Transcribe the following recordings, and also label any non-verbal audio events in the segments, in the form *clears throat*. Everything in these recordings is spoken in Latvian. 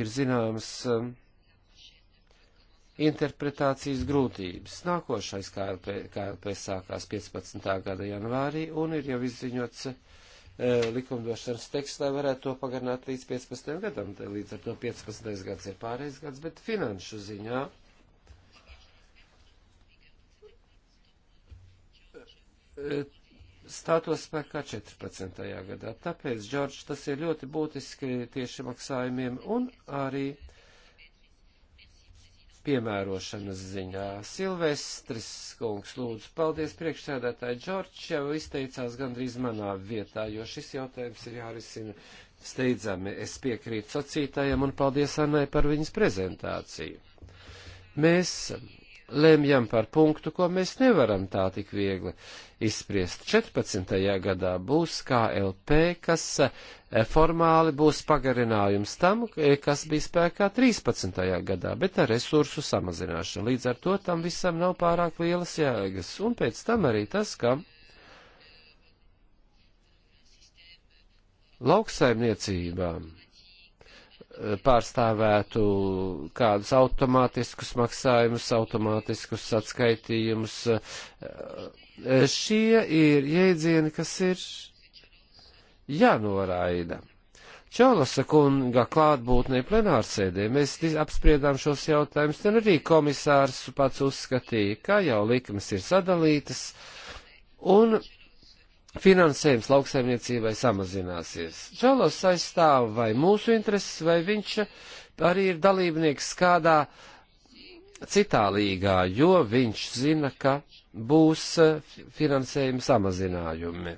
ir zināmas um, interpretācijas grūtības. Nākošais KLP, KLP sākās 15. gada janvārī un ir jau izziņots e, likumdošanas teksts, lai varētu to pagarināt līdz 15. gadam. Tā līdz ar to 15. gads ir pārējais gads, bet finanšu ziņā e, stātos spēkā 14. gadā. Tāpēc, Džordž, tas ir ļoti būtiski tieši maksājumiem un arī piemērošanas ziņā. Silvestris kungs lūdzu, paldies priekšsēdētāji. Džordž jau izteicās gandrīz manā vietā, jo šis jautājums ir jārisina steidzami. Es piekrītu sacītājiem un paldies Annai par viņas prezentāciju. Mēs lemjam par punktu, ko mēs nevaram tā tik viegli izspriest. 14. gadā būs KLP, kas eh, formāli būs pagarinājums tam, eh, kas bija spēkā 13. gadā, bet ar resursu samazināšanu. Līdz ar to tam visam nav pārāk lielas jēgas. Un pēc tam arī tas, ka lauksaimniecībām pārstāvētu kādus automātiskus maksājumus, automātiskus atskaitījumus. Šie ir jēdzieni, kas ir jānoraida. Čalasa kunga klātbūtnē plenārsēdē mēs apspriedām šos jautājumus, un arī komisārs pats uzskatīja, ka jau likmes ir sadalītas, un finansējums lauksaimniecībai samazināsies. Čalos aizstāv vai mūsu intereses, vai viņš arī ir dalībnieks kādā citā līgā, jo viņš zina, ka būs eh, finansējuma samazinājumi.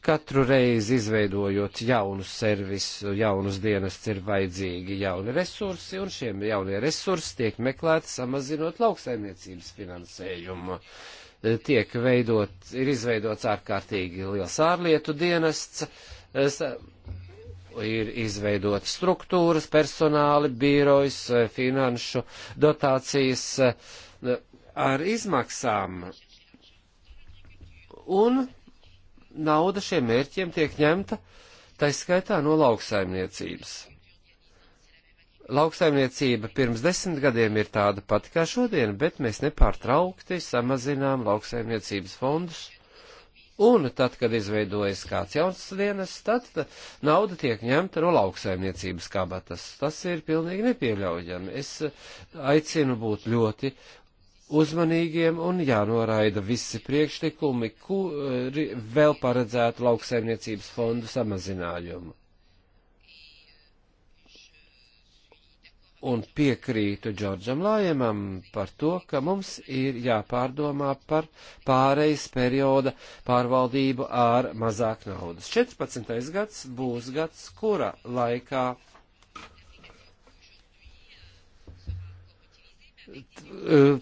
katru reizi izveidojot jaunus servisus, jaunus dienestus, ir vajadzīgi jauni resursi, un šiem jaunie resursi tiek meklēti samazinot lauksaimniecības finansējumu. E, tiek veidot, ir izveidots ārkārtīgi liels ārlietu dienests, e, ir izveidot struktūras, personāli, bīrojas, e, finanšu dotācijas ar izmaksām. Un nauda šiem mērķiem tiek ņemta, taiskaitā no lauksaimniecības. Lauksaimniecība pirms desmit gadiem ir tāda pati kā šodien, bet mēs nepārtraukti samazinām lauksaimniecības fondus. Un tad, kad izveidojas kāds jauns dienas, tad nauda tiek ņemta no lauksaimniecības kabatas. Tas ir pilnīgi nepieļaujami. Es eh, aicinu būt ļoti uzmanīgiem un jānoraida visi priekšlikumi, kuri vēl paredzētu lauksaimniecības fondu samazinājumu. Un piekrītu Džordžam Lājemam par to, ka mums ir jāpārdomā par pārejas perioda pārvaldību ar mazāk naudas. 14. gads būs gads, kura laikā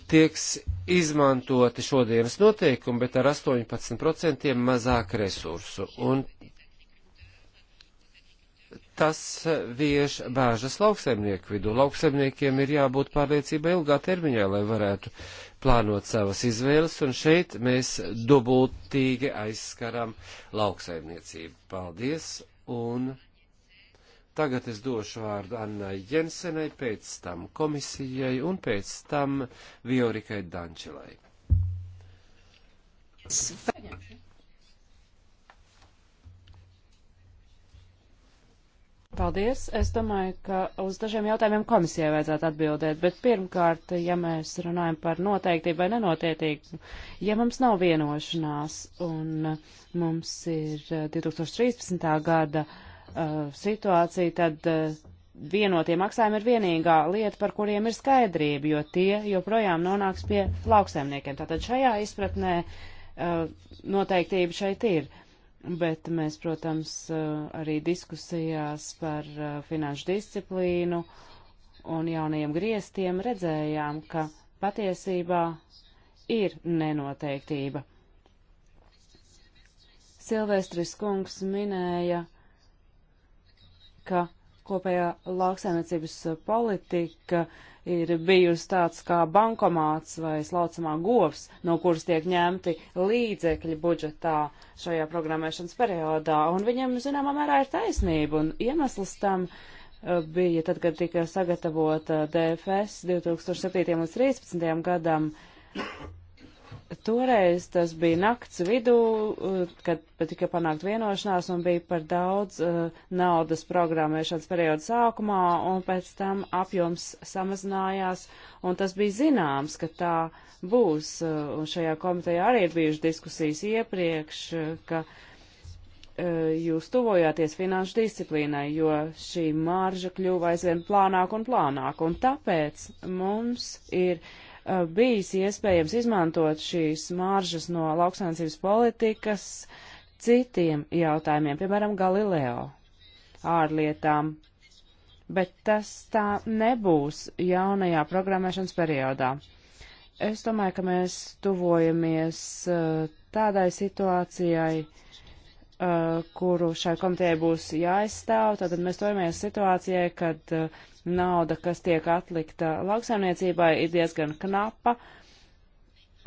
tieks izmantoti šodienas noteikumi, bet ar 18% mazāk resursu. Un tas vieš bāžas lauksaimnieku vidu. Lauksaimniekiem ir jābūt pārliecībai ilgā termiņā, lai varētu plānot savas izvēles, un šeit mēs dubultīgi aizskaram lauksaimniecību. Paldies, un Tagad es došu vārdu Annai Jensenai, pēc tam komisijai un pēc tam Viorikai Dančelai. Paldies. Es domāju, ka uz dažiem jautājumiem komisijai vajadzētu atbildēt, bet pirmkārt, ja mēs runājam par noteiktību vai nenotietību, ja mums nav vienošanās un mums ir 2013. Eh, gada uh, Eh, situāciju, tad eh, vienotie maksājumi ir vienīgā lieta, par kuriem ir skaidrība, jo tie joprojām nonāks pie lauksaimniekiem. Tātad šajā izpratnē eh, noteiktība šeit ir. Bet mēs, protams, arī diskusijās par finanšu disciplīnu un jaunajiem griestiem redzējām, ka patiesībā ir nenoteiktība. Silvestris kungs minēja ka kopējā lauksaimniecības politika ir bijusi tāds kā bankomāts vai slaucamā govs, no kuras tiek ņemti līdzekļi budžetā šajā programmēšanas periodā. Un viņiem, zināmā mērā, ir taisnība. Un iemesls tam uh, bija tad, kad tika sagatavota DFS 2007. līdz 2013. gadam. Toreiz tas bija nakts vidū, eh, kad tika panākt vienošanās un bija par daudz uh, naudas programmēšanas perioda sākumā, un pēc tam apjoms samazinājās, un tas bija zināms, ka tā būs. Eh, un šajā komitejā arī ir bijušas diskusijas iepriekš, ka uh, jūs tuvojāties finanšu disciplīnai, jo šī marža kļuva aizvien plānāk un plānāk, un tāpēc mums ir. Uh, Uh, bijis iespējams izmantot šīs māržas no lauksainicības politikas citiem jautājumiem, piemēram, Galileo ārlietām. Bet tas tā nebūs jaunajā programmēšanas periodā. Es domāju, ka mēs tuvojamies uh, tādai situācijai, uh, Uh, kuru šai komitejai būs jāizstāv. Tātad mēs tojamies situācijai, kad uh, nauda, kas tiek atlikta lauksaimniecībai, ir diezgan knapa,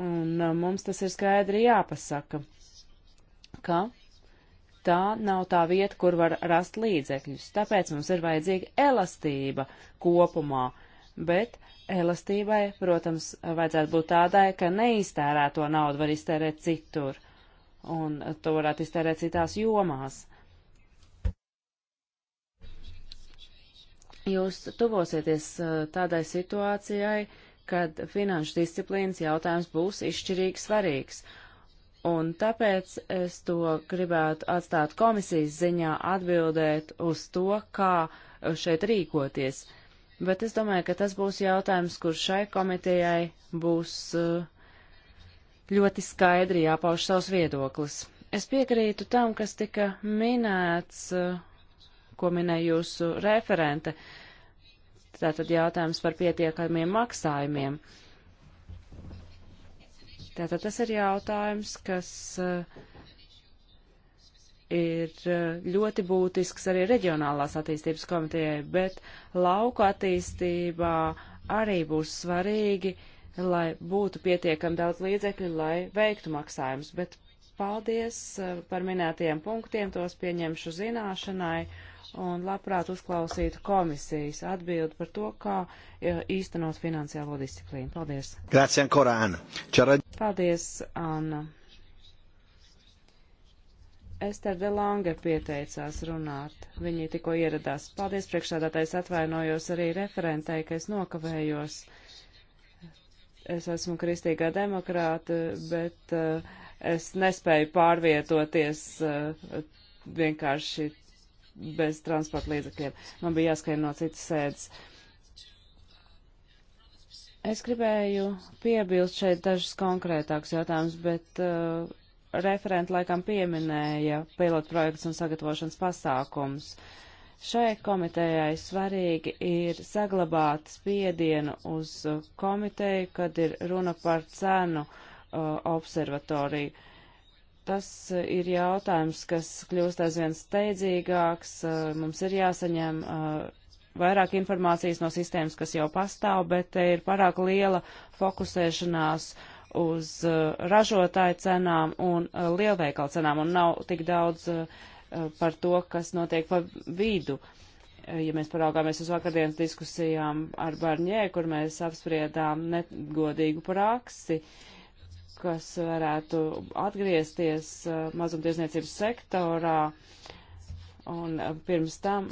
un uh, mums tas ir skaidri jāpasaka, ka tā nav tā vieta, kur var rast līdzekļus. Tāpēc mums ir vajadzīga elastība kopumā, bet elastībai, protams, vajadzētu būt tādai, ka neiztērēto naudu var iztērēt citur un to varētu iztērēt citās jomās. Jūs tuvosieties tādai situācijai, kad finanšu disciplīnas jautājums būs izšķirīgi svarīgs. Un tāpēc es to gribētu atstāt komisijas ziņā atbildēt uz to, kā šeit rīkoties. Bet es domāju, ka tas būs jautājums, kur šai komitejai būs uh, ļoti skaidri jāpauž savs viedoklis. Es piekrītu tam, kas tika minēts, eh, ko minēja jūsu referente. Tātad jautājums par pietiekamiem maksājumiem. Tātad tas ir jautājums, kas eh, ir eh, ļoti būtisks arī reģionālās attīstības komitejai, bet lauku attīstībā arī būs svarīgi uh, lai būtu pietiekami daudz līdzekļu, lai veiktu maksājumus. Bet paldies uh, par minētajiem punktiem, tos pieņemšu zināšanai un labprāt uzklausītu komisijas atbildi par to, kā uh, īstenot finansiālo disciplīnu. Paldies. Grācijā, Korāna. Čara... Paldies, Anna. Ester de Lange pieteicās runāt. Viņi tikko ieradās. Paldies priekšādātais atvainojos arī referentei, ka es nokavējos. Es esmu kristīgā demokrāta, bet uh, es nespēju pārvietoties uh, vienkārši bez transporta līdzekļiem. Man bija jāskrien no citas sēdes. Es gribēju piebilst šeit dažus konkrētākus jautājumus, bet uh, referenti laikam pieminēja pilotprojekts un sagatavošanas pasākums. Uh, Šai komitejai svarīgi ir saglabāt spiedienu uz komiteju, kad ir runa par cenu uh, observatoriju. Tas ir jautājums, kas kļūst aizvien steidzīgāks. Uh, mums ir jāsaņem uh, vairāk informācijas no sistēmas, kas jau pastāv, bet te ir pārāk liela fokusēšanās uz uh, ražotāju cenām un uh, lielveikalu cenām un nav tik daudz uh, Eh, par to, kas notiek pa vidu. Eh, ja mēs paraugāmies uz vakardienas diskusijām ar Barņē, kur mēs apspriedām negodīgu praksi, kas varētu atgriezties eh, mazumtirdzniecības sektorā, un pirms tam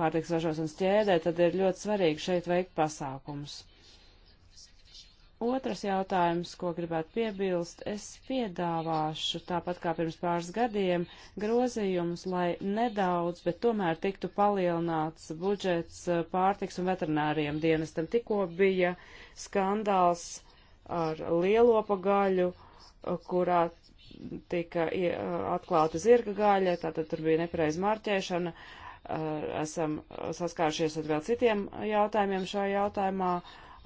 pārtiks ražošanas ķēdē, tad ir ļoti svarīgi šeit veikt pasākumus. Otrs jautājums, ko gribētu piebilst, es piedāvāšu, tāpat kā pirms pāris gadiem, grozījumus, lai nedaudz, bet tomēr tiktu palielināts budžets eh, pārtiks un veterināriem dienestam. Tikko bija skandāls ar lielopa gaļu, eh, kurā tika eh, atklāta zirga gaļa, tātad tur bija nepareiz marķēšana. Esam saskāršies ar vēl citiem jautājumiem šajā jautājumā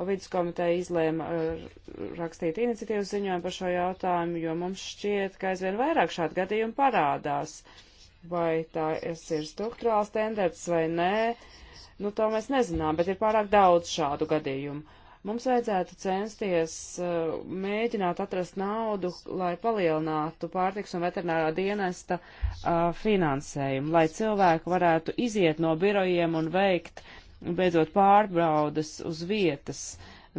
viduskomiteja izlēma uh, rakstīt iniciatīvas ziņojumu par šo jautājumu, jo mums šķiet, ka aizvien vairāk šādu gadījumu parādās. Vai tā ir struktūrāls tendence vai nē, nu to mēs nezinām, bet ir pārāk daudz šādu gadījumu. Mums vajadzētu censties uh, mēģināt atrast naudu, lai palielinātu pārtiks un veterinārā dienesta uh, finansējumu, lai cilvēki varētu iziet no birojiem un veikt uh, beidzot pārbaudas uz vietas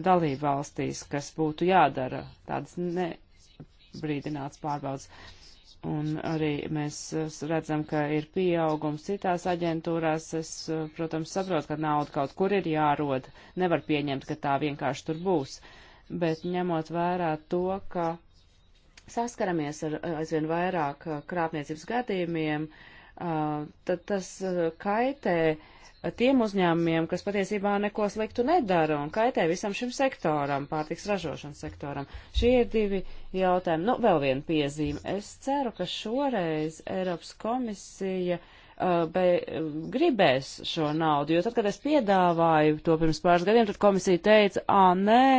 dalību valstīs, kas būtu jādara tādas nebrīdināts pārbaudas. Un arī mēs redzam, ka ir pieaugums citās aģentūrās. Es, protams, saprotu, ka nauda kaut kur ir jārod. Nevar pieņemt, ka tā vienkārši tur būs. Bet ņemot vērā to, ka saskaramies ar eh, aizvien vairāk eh, krāpniecības gadījumiem, eh, tad tas kaitē uh, tiem uzņēmumiem, kas patiesībā neko sliktu nedara un kaitē visam šim sektoram, pārtiks ražošanas sektoram. Šie ir divi jautājumi. Nu, vēl viena piezīme. Es ceru, ka šoreiz Eiropas komisija uh, be, gribēs šo naudu, jo tad, kad es piedāvāju to pirms pāris gadiem, tad komisija teica, ā, nē,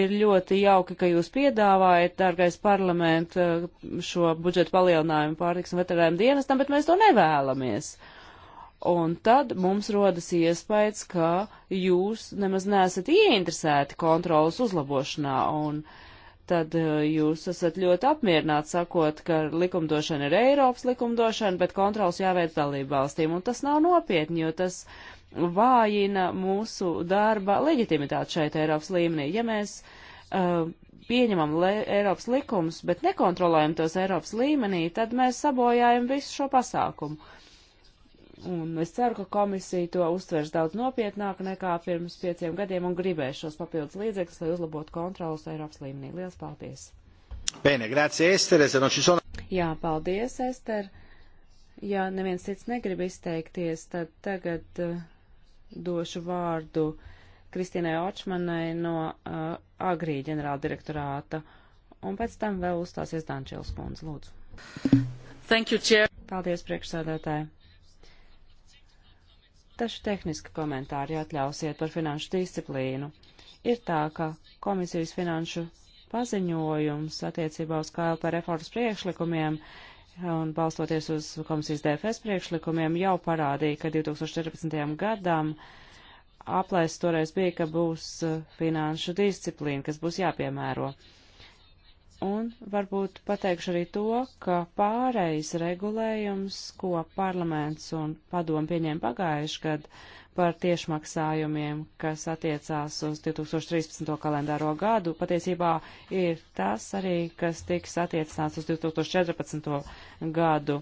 ir ļoti jauki, ka jūs piedāvājat, dārgais parlament, uh, šo budžetu palielinājumu pārtiks un veterinājumu dienestam, bet mēs to nevēlamies. Uh, Un tad mums rodas iespējas, ka jūs nemaz neesat ieinteresēti kontrolas uzlabošanā, un tad eh, jūs esat ļoti apmierināti sakot, ka likumdošana ir Eiropas likumdošana, bet kontrols jāveic dalību valstīm, un tas nav nopietni, jo tas vājina mūsu darba leģitimitāti šeit Eiropas līmenī. Ja mēs uh, pieņemam Eiropas likumus, bet nekontrolējam tos Eiropas līmenī, tad mēs sabojājam visu šo pasākumu. Uh, Un es ceru, ka komisija to uztvers daudz nopietnāk nekā pirms pieciem gadiem un gribēs šos papildus līdzekļus, lai uzlabotu kontrolas Eiropas līmenī. Lielas paldies! Bene, grazie, Estere, se non ci sono... Jā, paldies, Ester. Ja neviens cits negrib izteikties, tad tagad uh, došu vārdu Kristīnai Očmanai no uh, eh, Agrī ģenerāldirektorāta, un pēc tam vēl uzstāsies Dančils Kundze, lūdzu. Thank you, Chair. Paldies, priekšsēdētāji. Taču tehniski komentāri atļausiet par finanšu disciplīnu. Ir tā, ka komisijas finanšu paziņojums attiecībā uz KLP reformas priekšlikumiem un balstoties uz komisijas DFS priekšlikumiem jau parādīja, ka 2014. gadam aplēs toreiz bija, ka būs eh, finanšu disciplīna, kas būs jāpiemēro. Uh, Un varbūt pateikšu arī to, ka pārējais regulējums, ko parlaments un padomu pieņēma pagājuši gadu par tiešmaksājumiem, kas attiecās uz 2013. kalendāro gadu, patiesībā ir tas arī, kas tiks attiecināts uz 2014. gadu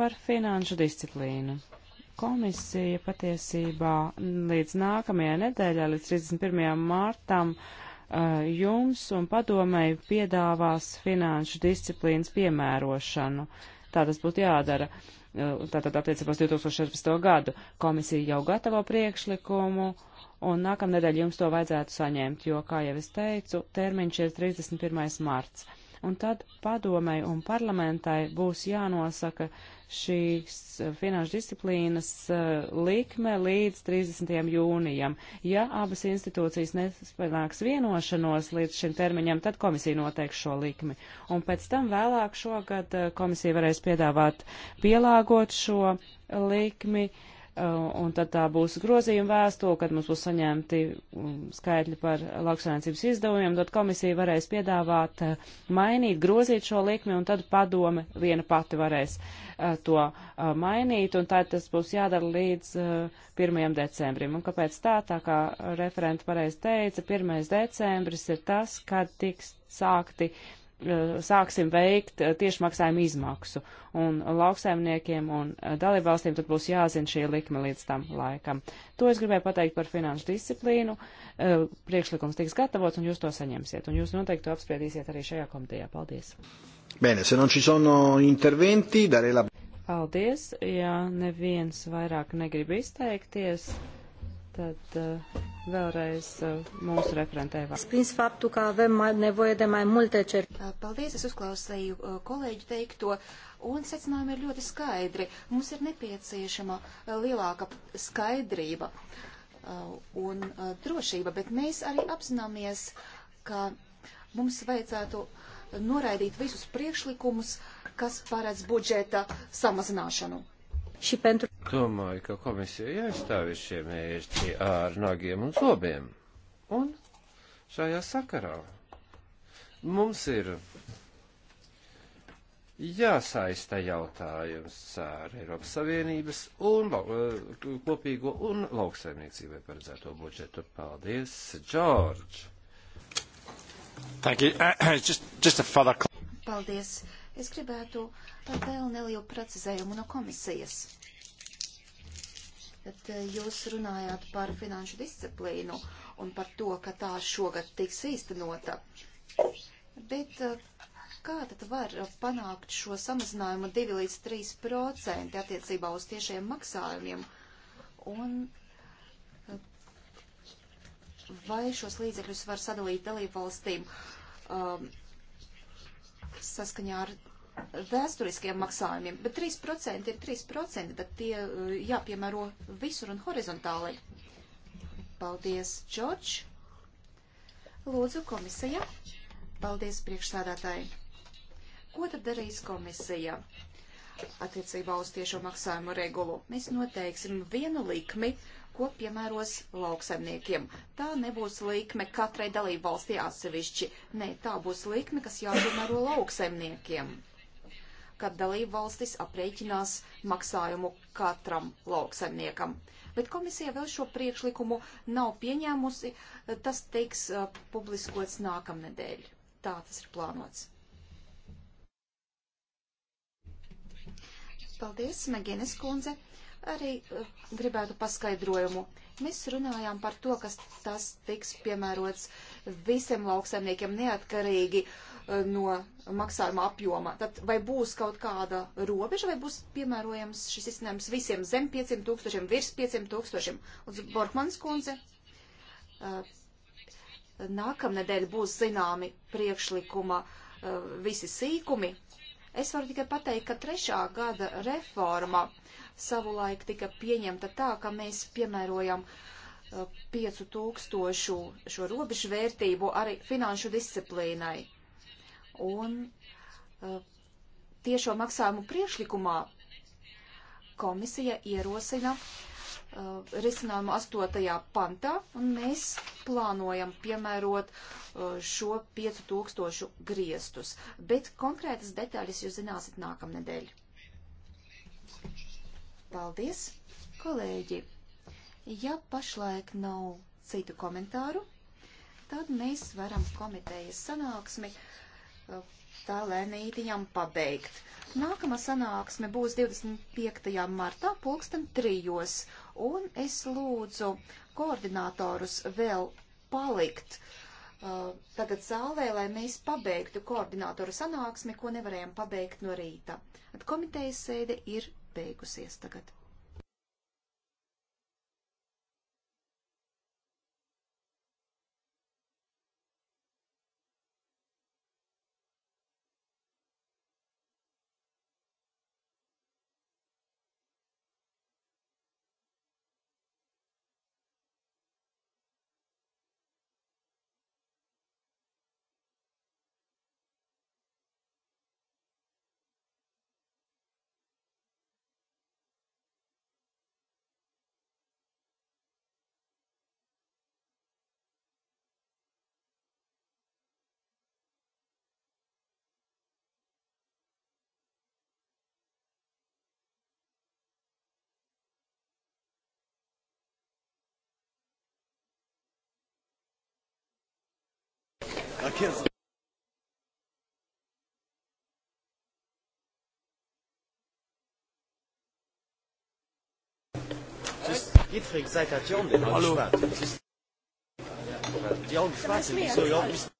par finanšu disciplīnu. Komisija patiesībā līdz nākamajai nedēļai, līdz 31. martam, uh, Eh, jums un padomēji piedāvās finanšu disciplīnas piemērošanu. Tā tas būtu jādara. Eh, tātad attiecībās 2016. gadu komisija jau gatavo priekšlikumu un nākamnedēļ jums to vajadzētu saņemt, jo, kā jau es teicu, termiņš ir 31. marts un tad padomai un parlamentai būs jānosaka šīs finanšu disciplīnas eh, likme līdz 30. jūnijam. Ja abas institūcijas nespēlēks vienošanos līdz šim termiņam, tad komisija noteiks šo likmi. Un pēc tam vēlāk šogad eh, komisija varēs piedāvāt pielāgot šo likmi. Uh, Uh, un tad tā būs grozījuma vēstule, kad mums būs saņemti um, skaitļi par lauksaimniecības izdevumiem, tad komisija varēs piedāvāt uh, mainīt, grozīt šo likmi, un tad padome viena pati varēs uh, to mainīt, un tā tas būs jādara līdz 1. decembrim. Un kāpēc tā, tā kā referenta pareiz teica, 1. decembris ir tas, kad tiks sākti Eh, sāksim veikt eh, tiešmaksājumu izmaksu. Un lauksaimniekiem un eh, dalībvalstīm tad būs jāzina šī likme līdz tam laikam. To es gribēju pateikt par finanšu disciplīnu. Priekšlikums tiks gatavots un jūs to saņemsiet. Un jūs noteikti to apspriedīsiet arī šajā komitejā. Paldies. Bene, se non ci sono interventi, darei la... Paldies, ja neviens vairāk negrib izteikties. Tad eh, vēlreiz eh, mūsu referentē vārds. Prins faktu, ka avem nevoie de mai multe cer. Eh, paldies, es uzklausīju kolēģi teikto, un secinājumi ir ļoti skaidri. Mums ir nepieciešama lielāka skaidrība un drošība, bet mēs arī apzināmies, ka mums vajadzētu noraidīt visus priekšlikumus, kas paredz budžeta samazināšanu și pentru... Domāju, ka komisija jāizstāv ir šie mērķi ar nagiem un zobiem. Un šajā sakarā mums ir jāsaista jautājums ar Eiropas Savienības un eh, kopīgo un lauksaimniecībai paredzēto budžetu. Paldies, Džordž! *clears throat* Just, just Paldies! Es gribētu uh, Par vēl nelielu precizējumu no komisijas. Bet eh, jūs runājāt par finanšu disciplīnu un par to, ka tā šogad tiks īstenota. Bet eh, kā tad var panākt šo samazinājumu 2 līdz 3 procenti attiecībā uz tiešiem maksājumiem? Un eh, vai šos līdzekļus var sadalīt dalību valstīm um, saskaņā ar vēsturiskiem maksājumiem, bet 3% ir 3%, bet tie eh, jāpiemēro visur un horizontāli. Paldies, Džordž. Lūdzu, komisija. Paldies, priekšsādātāji. Ko tad darīs komisija? Attiecībā uz tiešo maksājumu regulu mēs noteiksim vienu likmi, ko piemēros lauksaimniekiem. Tā nebūs likme katrai dalību valstī atsevišķi. Nē, tā būs likme, kas jāpiemēro lauksaimniekiem kad dalību valstis aprēķinās maksājumu katram lauksaimniekam. Bet komisija vēl šo priekšlikumu nav pieņēmusi, tas teiks uh, publiskots nākamnedēļ. Tā tas ir plānots. Paldies, Megenes kundze. Arī uh, gribētu paskaidrojumu. Mēs runājām par to, ka tas tiks piemērots visiem lauksaimniekiem neatkarīgi uh, no maksājuma apjoma. Tad vai būs kaut kāda robeža, vai būs piemērojams šis izcinājums visiem zem 500 tūkstošiem, virs 500 tūkstošiem? Lūdzu, Borkmanis kundze, eh, nākamnedēļ būs zināmi priekšlikuma eh, visi sīkumi. Es varu tikai pateikt, ka trešā gada reforma savulaik tika pieņemta tā, ka mēs piemērojam 5000 eh, šo robežu vērtību arī finanšu disciplīnai Un uh, tiešo maksājumu priešlikumā komisija ierosina uh, risinājumu 8. pantā, un mēs plānojam piemērot uh, šo 5000 griestus, bet konkrētas detaļas jūs zināsiet nākamnedēļ. Paldies, kolēģi! Ja pašlaik nav citu komentāru, tad mēs varam komitejas sanāksmi uh, tā lēnīti jām pabeigt. Nākamā sanāksme būs 25. martā pulksten trijos, un es lūdzu koordinatorus vēl palikt uh, tagad zālē, lai mēs pabeigtu koordinatoru sanāksmi, ko nevarējām pabeigt no rīta. Komitejas sēde ir beigusies tagad. kids Dietrich, seid ihr John, den Hallo. Schwarz. John Schwarz, wieso John